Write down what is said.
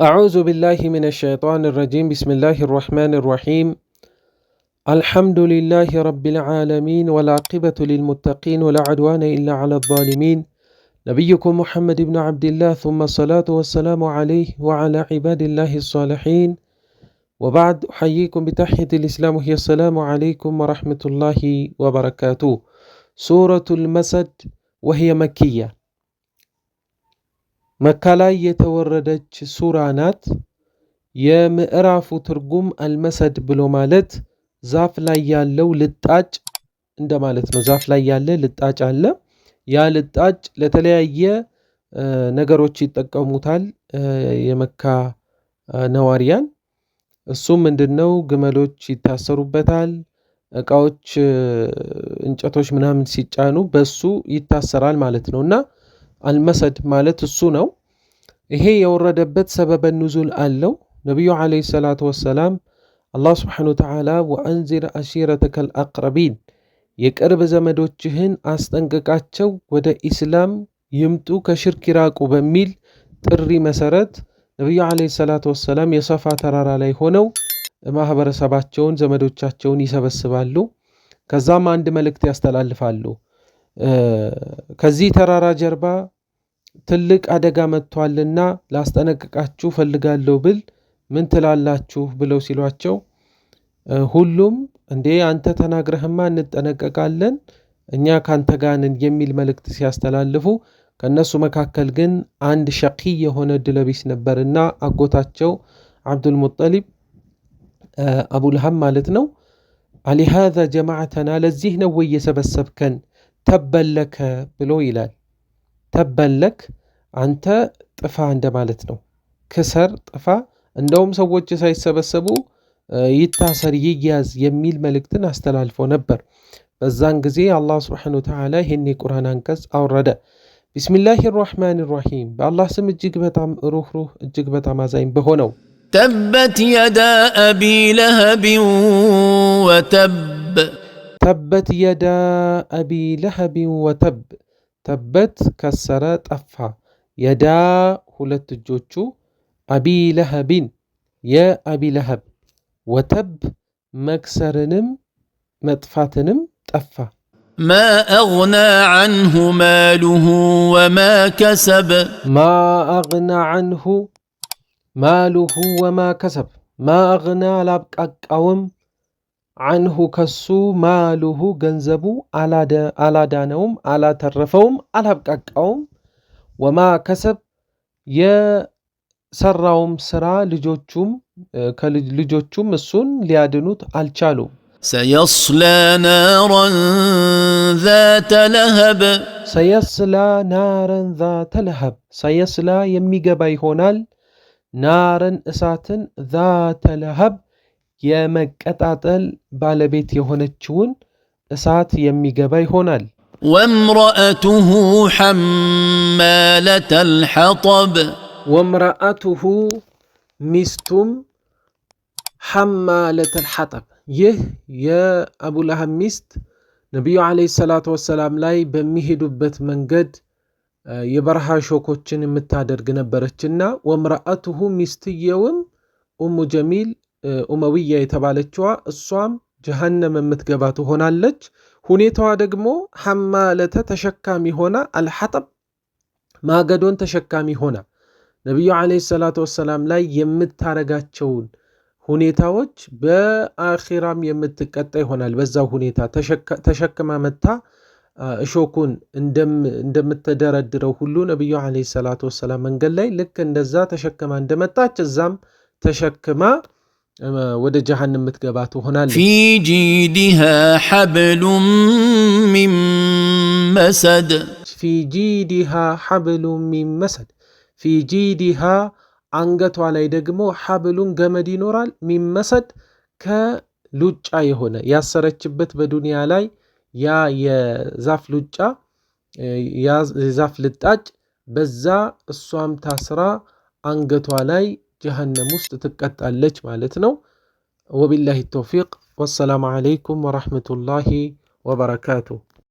أعوذ بالله من الشيطان الرجيم بسم الله الرحمن الرحيم الحمد لله رب العالمين والعاقبة للمتقين ولا عدوان إلا على الظالمين نبيكم محمد بن عبد الله ثم الصلاة والسلام عليه وعلى عباد الله الصالحين وبعد أحييكم بتحية الإسلام هي السلام عليكم ورحمة الله وبركاته سورة المسد وهي مكية መካ ላይ የተወረደች ሱራ ናት። የምዕራፉ ትርጉም አልመሰድ ብሎ ማለት ዛፍ ላይ ያለው ልጣጭ እንደማለት ነው። ዛፍ ላይ ያለ ልጣጭ አለ። ያ ልጣጭ ለተለያየ ነገሮች ይጠቀሙታል የመካ ነዋሪያን። እሱም ምንድነው? ግመሎች ይታሰሩበታል። እቃዎች፣ እንጨቶች ምናምን ሲጫኑ በሱ ይታሰራል ማለት ነው እና አልመሰድ ማለት እሱ ነው። ይሄ የወረደበት ሰበበ ኑዙል አለው። ነቢዩ ዓለይሂ ሰላቱ ወሰላም አላህ ስብሓነ ወተዓላ ወአንዚር አሺረተከል አቅረቢን የቅርብ ዘመዶችህን አስጠንቅቃቸው ወደ ኢስላም ይምጡ ከሽርክ ይራቁ በሚል ጥሪ መሰረት ነቢዩ ዓለይሂ ሰላቱ ወሰላም የሰፋ ተራራ ላይ ሆነው ማህበረሰባቸውን ዘመዶቻቸውን ይሰበስባሉ። ከዛም አንድ መልእክት ያስተላልፋሉ። ከዚህ ተራራ ጀርባ ትልቅ አደጋ መጥቷልና ላስጠነቅቃችሁ ፈልጋለሁ ብል ምን ትላላችሁ ብለው ሲሏቸው ሁሉም እንዴ አንተ ተናግረህማ እንጠነቀቃለን እኛ ካንተ ጋንን የሚል መልእክት ሲያስተላልፉ ከእነሱ መካከል ግን አንድ ሸቂ የሆነ ድለቢስ ነበርና አጎታቸው ዓብዱልሙጠሊብ አቡልሃም ማለት ነው አሊሃዛ ጀማዕተና ለዚህ ነው ወይ የሰበሰብከን ተበለከ ብሎ ይላል ተበለክ አንተ ጥፋ እንደማለት ነው። ክሰር ጥፋ። እንደውም ሰዎች ሳይሰበሰቡ ይታሰር ይያዝ የሚል መልእክትን አስተላልፎ ነበር። በዛን ጊዜ አላህ ስብሐነሁ ወተዓላ ይህን የቁርአን አንቀጽ አወረደ። ቢስሚላህ ራሕማን ራሒም በአላህ ስም እጅግ በጣም ሩኅሩህ እጅግ በጣም አዛኝ በሆነው ተበት የዳ አቢ ለሀቢን ወተብ ተበት የዳ አቢ ለሀቢን ወተብ ተበት ከሰረ ጠፋ የዳ ሁለት እጆቹ አቢ ለሀቢን የአቢ ለሀብ ወተብ መክሰርንም መጥፋትንም ጠፋ ማ አግና አንሁ ማሉሁ ወማ ከሰብ ማ አግና አንሁ ማሉሁ ወማ ከሰብ ማ አግና አላብቃቃውም አንሁ ከሱ ማሉሁ ገንዘቡ አላዳነውም፣ አላተረፈውም፣ አላብቃቃውም። ወማ ከሰብ የሰራውም ስራ ልጆቹም ከልጆቹም እሱን ሊያድኑት አልቻሉም። ሰየስላ ናረን ዛተ ለሀብ ሰየስላ ናረን ዛተ ለሀብ ሰየስላ የሚገባ ይሆናል ናረን እሳትን ዛተ ለሀብ የመቀጣጠል ባለቤት የሆነችውን እሳት የሚገባ ይሆናል። ወምረአቱሁ ሐማለተ አልሐጠብ ወምረአቱሁ ሚስቱም ሐማለተ አልሐጠብ። ይህ የአቡላሃብ ሚስት ነቢዩ ዓለይሂ ሰላቱ ወሰላም ላይ በሚሄዱበት መንገድ የበረሃ ሾኮችን የምታደርግ ነበረችና ወምረአቱሁ ሚስትየውም ኡሙ ጀሚል ኡመውያ የተባለችዋ እሷም ጀሃነም የምትገባ ትሆናለች። ሁኔታዋ ደግሞ ሐማለተ ተሸካሚ ሆና አልሐጠብ ማገዶን ተሸካሚ ሆና ነቢዩ ዓለይሂ ሰላቱ ወሰላም ላይ የምታረጋቸውን ሁኔታዎች በአኺራም የምትቀጣ ይሆናል። በዛው ሁኔታ ተሸክማ መታ እሾኩን እንደምትደረድረው ሁሉ ነቢዩ ዓለይሂ ሰላቱ ወሰላም መንገድ ላይ ልክ እንደዛ ተሸክማ እንደመጣች እዛም ተሸክማ ወደ ጀሃንም የምትገባ ትሆናለች። ፊ ጂዲሃ ሐብሉም ሚን መሰድ ፊ ጂዲሃ ሐብሉም ሚን መሰድ ፊ ጂዲሃ አንገቷ ላይ ደግሞ ሐብሉን ገመድ ይኖራል። ሚን መሰድ ከሉጫ የሆነ ያሰረችበት በዱንያ ላይ ያ የዛፍ ሉጫ የዛፍ ልጣጭ በዛ እሷም ታስራ አንገቷ ላይ ጀሃነም ውስጥ ትቀጣለች ማለት ነው። ወቢላሂ ተውፊቅ ወሰላሙ አለይኩም ወራህመቱላሂ ወበረካቱሁ